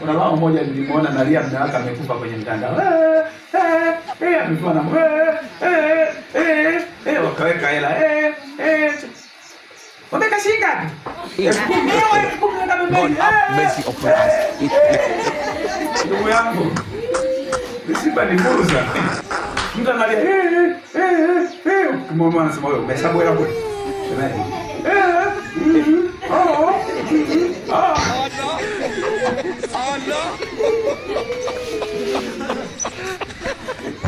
Kuna mama mmoja nilimwona nalia mda wake amekufa kwenye mtandao. Eh, eh, eh amekufa na eh, eh eh eh, wakaweka hela eh eh, wakaweka shika ndugu yangu, misiba ni Mtu analia eh eh eh, anasema wewe Eh, mm-hmm. Oh, oh, mm-hmm.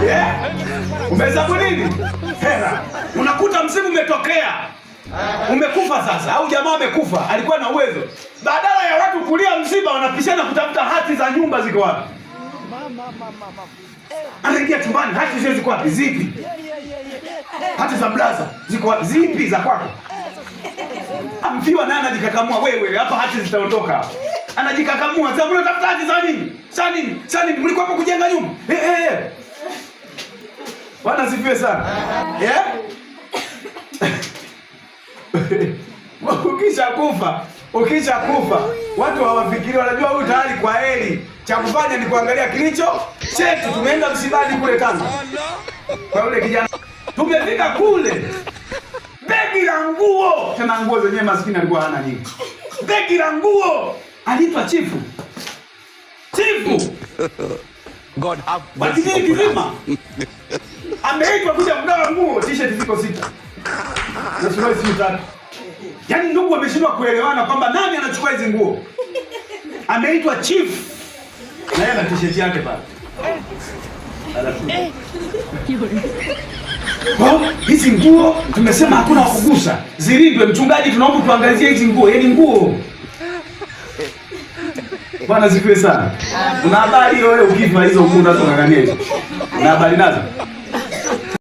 yeah. Umehesabu nini? Hela. Unakuta msimu umetokea, umekufa sasa, au jamaa amekufa, alikuwa na uwezo. Badala ya watu kulia msiba, wanapishana kutafuta hati za nyumba ziko wapi. Anaingia chumbani, hati zio ziko wapi? Zipi? Hati za blaza ziko wapi? Zipi za kwako? Amfiwa naye anajikakamua, wewe hapa hati zitaondoka. Anajikakamua, sasa unatafuta hati za nini? Za nini? Za nini? Mlikuwa hapo kujenga nyumba. Eh, eh. Bwana sifiwe sana. Yeah? Ukisha kufa, ukisha kufa, watu hawafikiri, wanajua huyu tayari kwa heri. Cha kufanya ni kuangalia kilicho chetu. Tumeenda msibani kule Tanga. Kwa yule kijana tumefika kule. Begi la nguo, tena nguo zenyewe maskini alikuwa hana nini. Begi la nguo alipa chifu. Chifu. God have mercy. Wakijiji kizima siku sita na suruali sio tatu. Yaani ndugu wameshindwa kuelewana kwamba nani anachukua hizi nguo. Ameitwa chief na yeye ana t-shirt yake pale. Kwa Hizi nguo tumesema hakuna kugusa. zilindwe. Mchungaji, tunaomba tuangazie hizi nguo, yaani nguo. Bwana zikiwe sana. Una habari hiyo wewe ukifa hizo nguo unazo hizo. Una habari nazo.